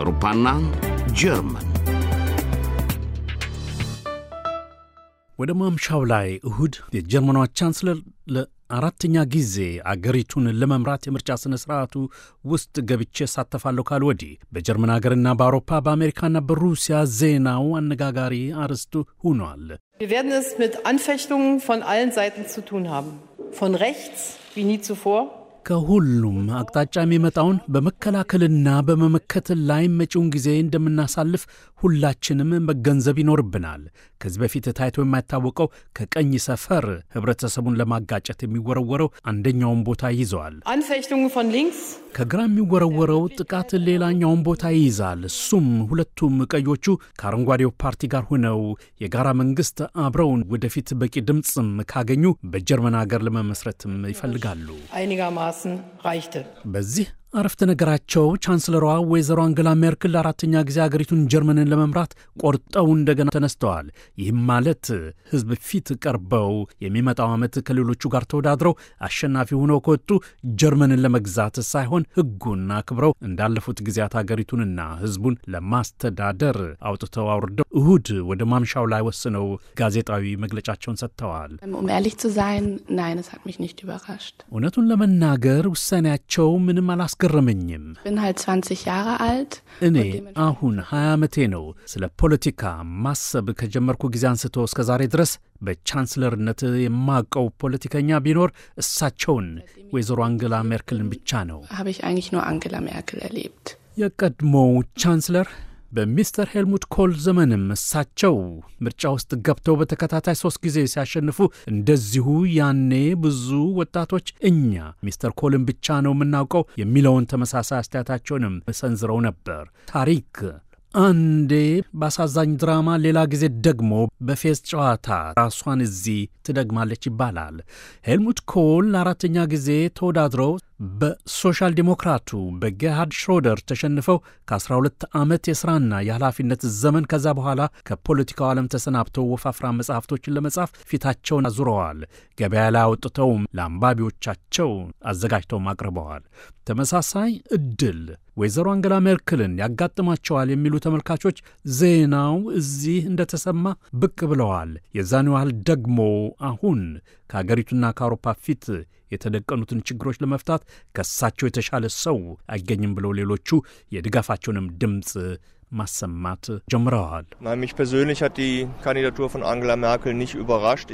አውሮፓና ጀርመን ወደ ማምሻው ላይ እሁድ የጀርመኗ ቻንስለር ለአራተኛ ጊዜ አገሪቱን ለመምራት የምርጫ ሥነ ሥርዓቱ ውስጥ ገብቼ እሳተፋለሁ ካል ወዲህ በጀርመን አገርና በአውሮፓ በአሜሪካና በሩሲያ ዜናው አነጋጋሪ አርዕስቱ ሆኗል። Wir werden es mit Anfechtungen von allen Seiten zu tun haben. Von rechts wie nie zuvor. ከሁሉም አቅጣጫ የሚመጣውን በመከላከልና በመመከት ላይ መጪውን ጊዜ እንደምናሳልፍ ሁላችንም መገንዘብ ይኖርብናል። ከዚህ በፊት ታይቶ የማይታወቀው ከቀኝ ሰፈር ህብረተሰቡን ለማጋጨት የሚወረወረው አንደኛውን ቦታ ይዘዋል። ከግራ የሚወረወረው ጥቃት ሌላኛውን ቦታ ይይዛል። እሱም ሁለቱም ቀዮቹ ከአረንጓዴው ፓርቲ ጋር ሆነው የጋራ መንግስት አብረውን ወደፊት በቂ ድምፅም ካገኙ በጀርመን ሀገር ለመመስረትም ይፈልጋሉ። lassen reichte. Aber Sie አረፍተ ነገራቸው ቻንስለሯ ወይዘሮ አንገላ ሜርክል ለአራተኛ ጊዜ አገሪቱን ጀርመንን ለመምራት ቆርጠው እንደገና ተነስተዋል። ይህም ማለት ሕዝብ ፊት ቀርበው የሚመጣው ዓመት ከሌሎቹ ጋር ተወዳድረው አሸናፊ ሆነው ከወጡ ጀርመንን ለመግዛት ሳይሆን ሕጉን አክብረው እንዳለፉት ጊዜያት አገሪቱንና ሕዝቡን ለማስተዳደር አውጥተው አውርደው እሁድ ወደ ማምሻው ላይ ወስነው ጋዜጣዊ መግለጫቸውን ሰጥተዋል። um, um እውነቱን ለመናገር ውሳኔያቸው ምንም አላስ አላስገረመኝም። እኔ አሁን 20 ዓመቴ ነው። ስለ ፖለቲካ ማሰብ ከጀመርኩ ጊዜ አንስቶ እስከ ዛሬ ድረስ በቻንስለርነት የማውቀው ፖለቲከኛ ቢኖር እሳቸውን፣ ወይዘሮ አንገላ ሜርክልን ብቻ ነው። የቀድሞው ቻንስለር በሚስተር ሄልሙት ኮል ዘመንም እሳቸው ምርጫ ውስጥ ገብተው በተከታታይ ሶስት ጊዜ ሲያሸንፉ እንደዚሁ ያኔ ብዙ ወጣቶች እኛ ሚስተር ኮልን ብቻ ነው የምናውቀው የሚለውን ተመሳሳይ አስተያየታቸውንም ሰንዝረው ነበር። ታሪክ አንዴ በአሳዛኝ ድራማ፣ ሌላ ጊዜ ደግሞ በፌዝ ጨዋታ ራሷን እዚህ ትደግማለች ይባላል። ሄልሙት ኮል ለአራተኛ ጊዜ ተወዳድረው በሶሻል ዲሞክራቱ በጌሃርድ ሽሮደር ተሸንፈው ከ12 ዓመት የሥራና የኃላፊነት ዘመን ከዛ በኋላ ከፖለቲካው ዓለም ተሰናብተው ወፋፍራ መጽሐፍቶችን ለመጻፍ ፊታቸውን አዙረዋል። ገበያ ላይ አውጥተውም ለአንባቢዎቻቸው አዘጋጅተውም አቅርበዋል። ተመሳሳይ ዕድል ወይዘሮ አንገላ ሜርክልን ያጋጥማቸዋል የሚሉ ተመልካቾች ዜናው እዚህ እንደተሰማ ብቅ ብለዋል። የዛን ያህል ደግሞ አሁን ከአገሪቱና ከአውሮፓ ፊት የተደቀኑትን ችግሮች ለመፍታት ከሳቸው የተሻለ ሰው አይገኝም ብለው ሌሎቹ የድጋፋቸውንም ድምፅ ማሰማት ጀምረዋል።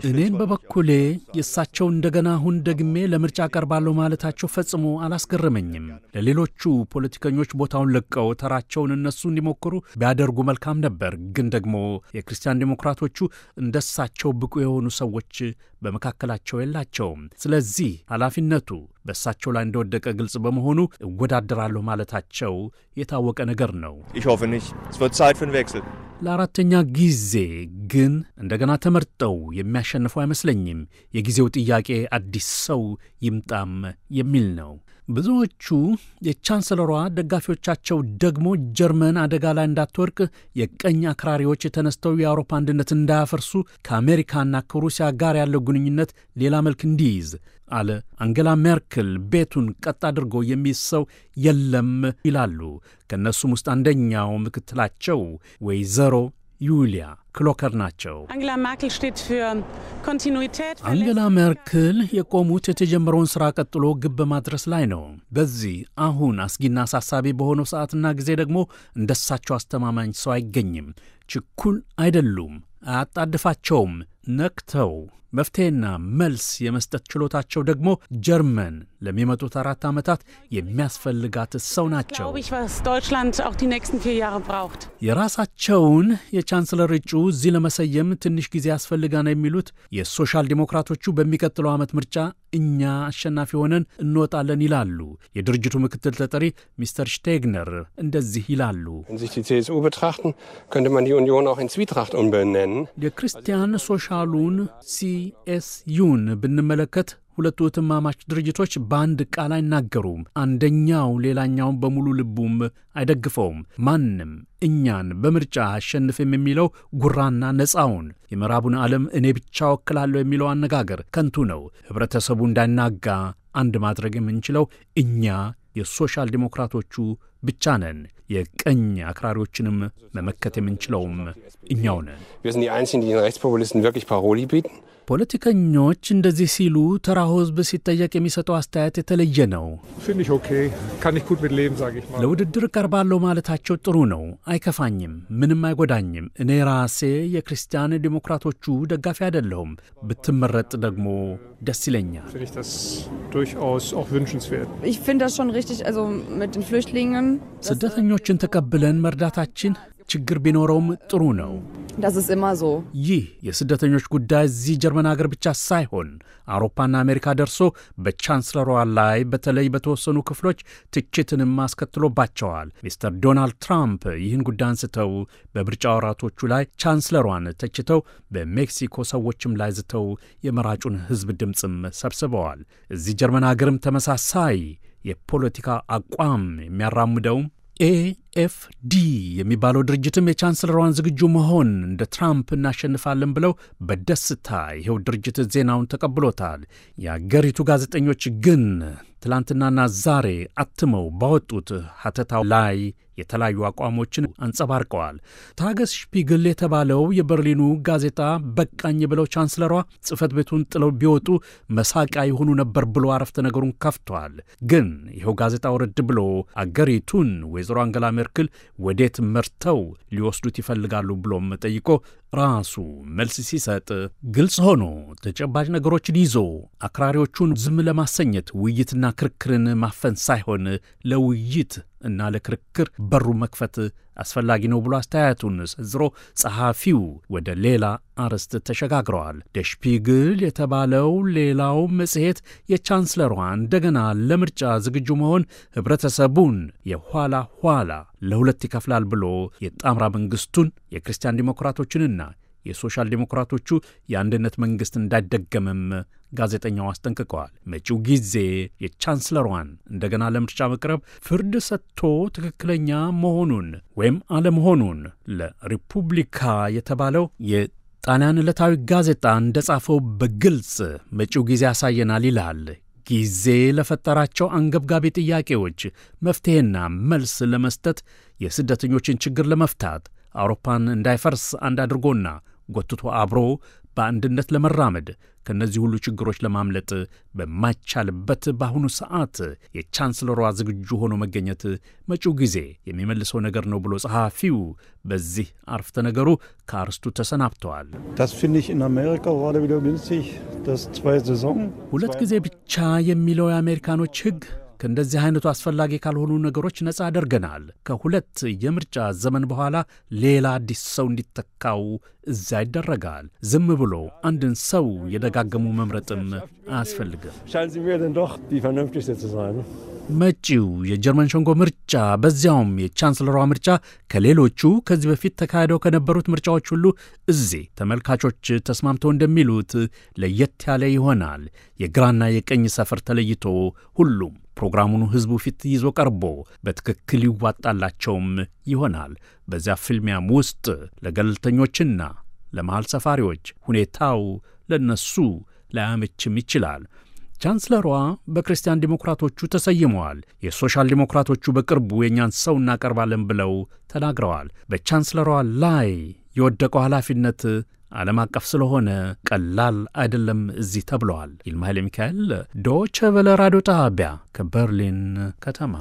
እኔን በበኩሌ የእሳቸው እንደገና አሁን ደግሜ ለምርጫ ቀርባለሁ ማለታቸው ፈጽሞ አላስገረመኝም። ለሌሎቹ ፖለቲከኞች ቦታውን ለቀው ተራቸውን እነሱ እንዲሞክሩ ቢያደርጉ መልካም ነበር። ግን ደግሞ የክርስቲያን ዴሞክራቶቹ እንደሳቸው ብቁ የሆኑ ሰዎች በመካከላቸው የላቸውም። ስለዚህ ኃላፊነቱ በእሳቸው ላይ እንደወደቀ ግልጽ በመሆኑ እወዳደራለሁ ማለታቸው የታወቀ ነገር ነው። ለአራተኛ ጊዜ ግን እንደገና ተመርጠው የሚያሸንፈው አይመስለኝም። የጊዜው ጥያቄ አዲስ ሰው ይምጣም የሚል ነው። ብዙዎቹ የቻንሰለሯ ደጋፊዎቻቸው ደግሞ ጀርመን አደጋ ላይ እንዳትወርቅ የቀኝ አክራሪዎች ተነስተው የአውሮፓ አንድነት እንዳያፈርሱ ከአሜሪካና ከሩሲያ ጋር ያለው ግንኙነት ሌላ መልክ እንዲይዝ አለ። አንገላ ሜርክል ቤቱን ቀጥ አድርጎ የሚሰው ሰው የለም ይላሉ። ከእነሱም ውስጥ አንደኛው ምክትላቸው ወይዘሮ ዩሊያ ክሎከር ናቸው። አንገላ ሜርክል የቆሙት የተጀመረውን ሥራ ቀጥሎ ግብ በማድረስ ላይ ነው። በዚህ አሁን አስጊና አሳሳቢ በሆነው ሰዓትና ጊዜ ደግሞ እንደሳቸው አስተማማኝ ሰው አይገኝም። ችኩል አይደሉም፣ አያጣድፋቸውም። ነክተው መፍትሄና መልስ የመስጠት ችሎታቸው ደግሞ ጀርመን ለሚመጡት አራት ዓመታት የሚያስፈልጋት ሰው ናቸው። የራሳቸውን የቻንስለር እጩ እዚህ ለመሰየም ትንሽ ጊዜ ያስፈልጋና የሚሉት የሶሻል ዲሞክራቶቹ በሚቀጥለው ዓመት ምርጫ እኛ አሸናፊ ሆነን እንወጣለን ይላሉ። የድርጅቱ ምክትል ተጠሪ ሚስተር ሽቴግነር እንደዚህ ይላሉ። የክርስቲያን ሶሻ ቃሉን ሲኤስዩን ብንመለከት ሁለቱ እህትማማች ድርጅቶች በአንድ ቃል አይናገሩም። አንደኛው ሌላኛውን በሙሉ ልቡም አይደግፈውም። ማንም እኛን በምርጫ አሸንፍም የሚለው ጉራና ነፃውን የምዕራቡን ዓለም እኔ ብቻ ወክላለሁ የሚለው አነጋገር ከንቱ ነው። ኅብረተሰቡ እንዳይናጋ አንድ ማድረግ የምንችለው እኛ የሶሻል ዲሞክራቶቹ ብቻ ነን። የቀኝ አክራሪዎችንም መመከት የምንችለውም እኛው ነን። ፖለቲከኞች እንደዚህ ሲሉ ተራው ሕዝብ ሲጠየቅ የሚሰጠው አስተያየት የተለየ ነው። ለውድድር ቀርባለሁ ማለታቸው ጥሩ ነው፣ አይከፋኝም፣ ምንም አይጎዳኝም። እኔ ራሴ የክርስቲያን ዴሞክራቶቹ ደጋፊ አይደለሁም። ብትመረጥ ደግሞ ደስ ይለኛል። ስደተኞችን ተቀብለን መርዳታችን ችግር ቢኖረውም ጥሩ ነው። ይህ የስደተኞች ጉዳይ እዚህ ጀርመን አገር ብቻ ሳይሆን አውሮፓና አሜሪካ ደርሶ በቻንስለሯ ላይ በተለይ በተወሰኑ ክፍሎች ትችትንም አስከትሎባቸዋል። ሚስተር ዶናልድ ትራምፕ ይህን ጉዳይ አንስተው በምርጫ ወራቶቹ ላይ ቻንስለሯን ተችተው በሜክሲኮ ሰዎችም ላይ ዝተው የመራጩን ሕዝብ ድምፅም ሰብስበዋል። እዚህ ጀርመን አገርም ተመሳሳይ የፖለቲካ አቋም የሚያራምደውም ኤኤፍዲ የሚባለው ድርጅትም የቻንስለሯን ዝግጁ መሆን እንደ ትራምፕ እናሸንፋለን ብለው በደስታ ይኸው ድርጅት ዜናውን ተቀብሎታል። የአገሪቱ ጋዜጠኞች ግን ትላንትናና ዛሬ አትመው ባወጡት ሀተታው ላይ የተለያዩ አቋሞችን አንጸባርቀዋል። ታገስ ሽፒግል የተባለው የበርሊኑ ጋዜጣ በቃኝ ብለው ቻንስለሯ ጽህፈት ቤቱን ጥለው ቢወጡ መሳቂያ የሆኑ ነበር ብሎ አረፍተ ነገሩን ከፍቷል። ግን ይኸው ጋዜጣ ወረድ ብሎ አገሪቱን ወይዘሮ አንገላ ሜርክል ወዴት መርተው ሊወስዱት ይፈልጋሉ ብሎም ጠይቆ ራሱ መልስ ሲሰጥ ግልጽ ሆኖ ተጨባጭ ነገሮችን ይዞ አክራሪዎቹን ዝም ለማሰኘት ውይይትና ክርክርን ማፈን ሳይሆን ለውይይት እና ለክርክር በሩ መክፈት አስፈላጊ ነው ብሎ አስተያየቱን ሰንዝሮ ጸሐፊው ወደ ሌላ አርዕስት ተሸጋግረዋል። ደሽፒግል የተባለው ሌላው መጽሔት የቻንስለሯ እንደገና ለምርጫ ዝግጁ መሆን ህብረተሰቡን የኋላ ኋላ ለሁለት ይከፍላል ብሎ የጣምራ መንግስቱን የክርስቲያን ዲሞክራቶችንና የሶሻል ዲሞክራቶቹ የአንድነት መንግሥት እንዳይደገምም ጋዜጠኛው አስጠንቅቀዋል። መጪው ጊዜ የቻንስለሯን እንደገና ለምርጫ መቅረብ ፍርድ ሰጥቶ ትክክለኛ መሆኑን ወይም አለመሆኑን ለሪፑብሊካ የተባለው የጣሊያን ዕለታዊ ጋዜጣ እንደጻፈው በግልጽ መጪው ጊዜ ያሳየናል ይላል። ጊዜ ለፈጠራቸው አንገብጋቢ ጥያቄዎች መፍትሔና መልስ ለመስጠት የስደተኞችን ችግር ለመፍታት አውሮፓን እንዳይፈርስ አንድ አድርጎና ጎትቶ አብሮ በአንድነት ለመራመድ ከእነዚህ ሁሉ ችግሮች ለማምለጥ በማይቻልበት በአሁኑ ሰዓት የቻንስለሯ ዝግጁ ሆኖ መገኘት መጪው ጊዜ የሚመልሰው ነገር ነው ብሎ ጸሐፊው በዚህ አርፍተ ነገሩ ከአርስቱ ተሰናብተዋል። ሁለት ጊዜ ብቻ የሚለው የአሜሪካኖች ሕግ ከእንደዚህ አይነቱ አስፈላጊ ካልሆኑ ነገሮች ነፃ አደርገናል። ከሁለት የምርጫ ዘመን በኋላ ሌላ አዲስ ሰው እንዲተካው እዚያ ይደረጋል። ዝም ብሎ አንድን ሰው የደጋገሙ መምረጥም አያስፈልግም። መጪው የጀርመን ሸንጎ ምርጫ በዚያውም የቻንስለሯ ምርጫ ከሌሎቹ ከዚህ በፊት ተካሂደው ከነበሩት ምርጫዎች ሁሉ እዚህ ተመልካቾች ተስማምተው እንደሚሉት ለየት ያለ ይሆናል። የግራና የቀኝ ሰፈር ተለይቶ ሁሉም ፕሮግራሙን ሕዝቡ ፊት ይዞ ቀርቦ በትክክል ይዋጣላቸውም ይሆናል። በዚያ ፍልሚያም ውስጥ ለገለልተኞችና ለመሃል ሰፋሪዎች ሁኔታው ለነሱ ላያመችም ይችላል። ቻንስለሯ በክርስቲያን ዲሞክራቶቹ ተሰይመዋል። የሶሻል ዲሞክራቶቹ በቅርቡ የእኛን ሰው እናቀርባለን ብለው ተናግረዋል። በቻንስለሯ ላይ የወደቀው ኃላፊነት ዓለም አቀፍ ስለሆነ ቀላል አይደለም እዚህ ተብለዋል። ይልማ ኃይለ ሚካኤል ዶቸ ቨለ ራዲዮ ጣቢያ ከበርሊን ከተማ